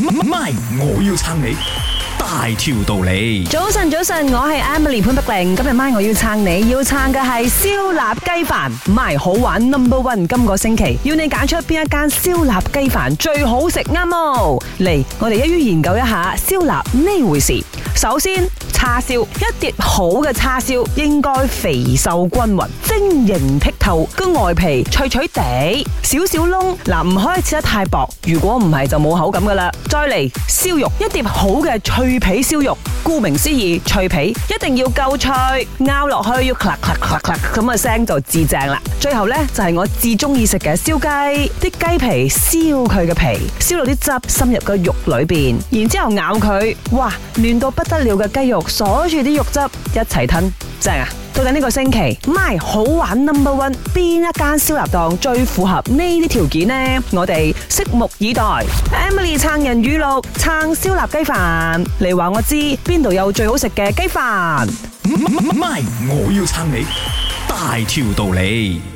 咪，我要撐你大條道理。早晨，早晨，我係 Emily 潘碧玲。今日晚我要撐你，要撐嘅係燒臘雞飯，唔係好玩 number one。No. 1, 今個星期要你揀出邊一間燒臘雞飯最好食啱冇？嚟，我哋一於研究一下燒臘呢回事。首先。.叉燒，一碟好嘅叉燒應該肥瘦均勻、晶瑩剔透，個外皮脆脆地、少少燶，嗱，唔可以切得太薄，如果唔係就冇口感㗎喇。再嚟燒肉，一碟好嘅脆皮燒肉。顧名思義，脆皮一定要夠脆，咬落去要 clack clack clack clack 咁嘅聲就至正啦。最後咧就係、是、我至中意食嘅燒雞，啲雞皮燒佢嘅皮，燒到啲汁深入個肉裏邊，然之後咬佢，哇，嫩到不得了嘅雞肉，鎖住啲肉汁一齊吞，正啊！到底呢個星期，咪好玩 number one，邊一間燒臘檔最符合呢啲條件呢？我哋拭目以待。Emily 撐人語錄，撐燒臘雞飯，你話我知邊度有最好食嘅雞飯。咪，我要撐你，大條道理。